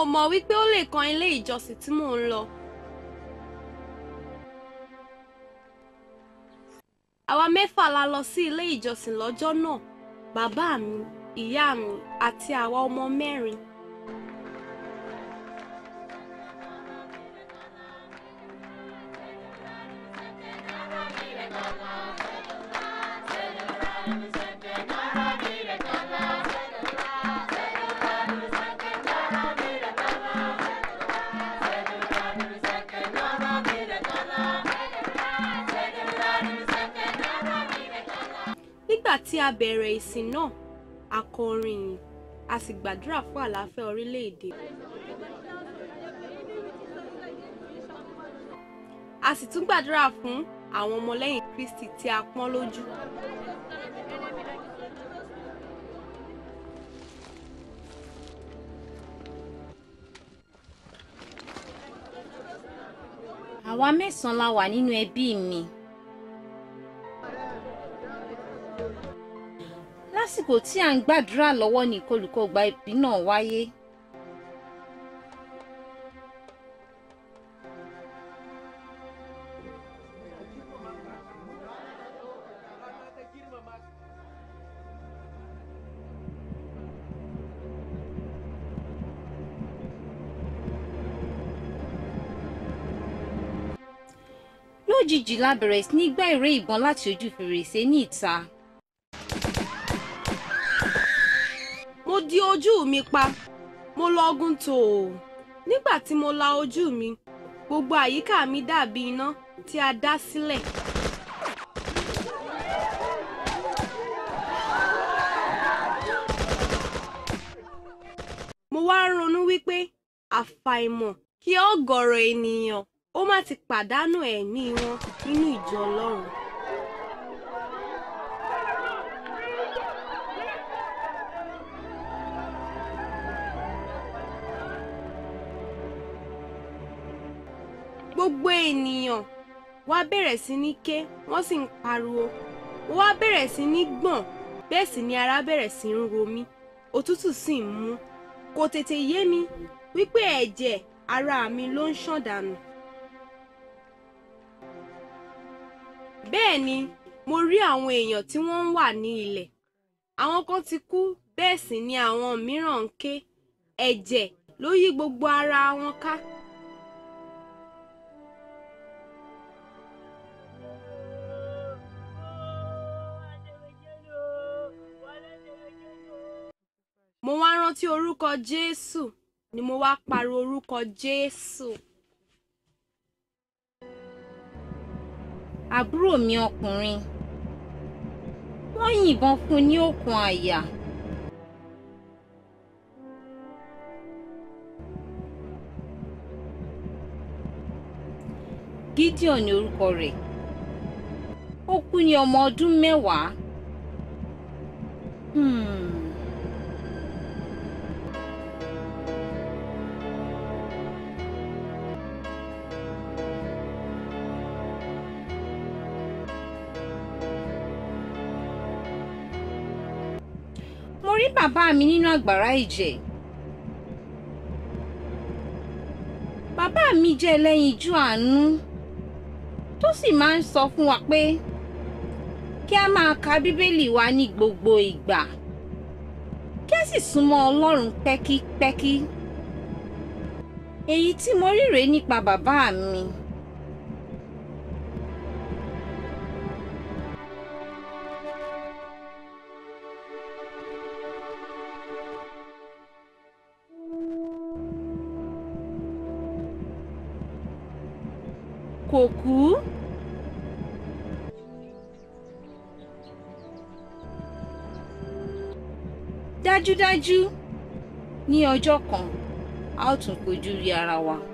ò mọ̀ wípé ó lè kan ilé ìjọsìn tí mò ń lọ. àwa mẹ́fà la lọ sí ilé ìjọsìn lọ́jọ́ náà bàbá mi ìyá mi àti àwa ọmọ mẹ́rin. Thank you. nígbà tí a bẹ̀rẹ̀ ìsìn náà a kọ orin ìyìn a sì gbàdúrà fún àlàáfíà orílẹ̀-èdè. a sì tún gbàdúrà fún àwọn ọmọlẹ́yìn Kristi tí a pọ́n lójú. àwa mẹ́sàn-án la wà nínú ẹbí mi lásìkò tí à ń gbàdúrà lọ́wọ́ ni ìkọlùkọgbà ìbí náà wáyé lójijì la bẹ̀rẹ̀ sí ní gbá ìró ìbọn láti ojú fèrèsé ní ìta. mo di ojú mi pa mo lọ ọgùn tó o nígbà tí mo la ojú mi gbogbo àyíká mi dàbí iná tí a dá sílẹ̀. mo wá ronú wípé àfàìmọ̀ kí ọ̀gọ̀rọ̀ ènìyàn ó má ti pàdánù ẹ̀mí wọn nínú ìjọ Ọlọ́run. gbogbo ènìyàn wá bẹ̀rẹ̀ sí ní ké wọ́n sì ń pariwo ó wá bẹ̀rẹ̀ sí ní gbọ̀n bẹ́ẹ̀ sì ni ara bẹ̀rẹ̀ sí ń ro òtútù sì ń mú kò tètè yé mi wípé ẹ̀jẹ̀ ara mi ló ń ṣàn dànù bẹ́ẹ̀ ni mo rí àwọn èèyàn tí wọ́n ń wà ní ilẹ̀ àwọn kan ti kú bẹ́ẹ̀ sì ni àwọn mìíràn ń ké ẹ̀jẹ̀ ló yí gbogbo ara wọn ká. mo wá rántí orúkọ Jésù ni mo wá pariwo orúkọ Jésù. àbúrò mi ọkùnrin wọ́n yìnbọn fún ní òkun àyà. Gideon ni orúkọ rẹ̀ ó kú ní ọmọ ọdún mẹ́wàá. Hmm. mo rí bàbá mi nínú àgbàrá ìjẹ. bàbá mi jẹ́ ẹlẹ́yinjú àánú tó sì máa ń sọ fún wa pé kí a máa ka bíbélì wa ní gbogbo ìgbà kí a sì súnmọ́ ọlọ́run pẹ́kípẹ́kí èyí tí mo rí rèé nípa bàbá mi. kò kú. dájúdájú ní ọjọ́ kan a ó tún kojú rí ara wa.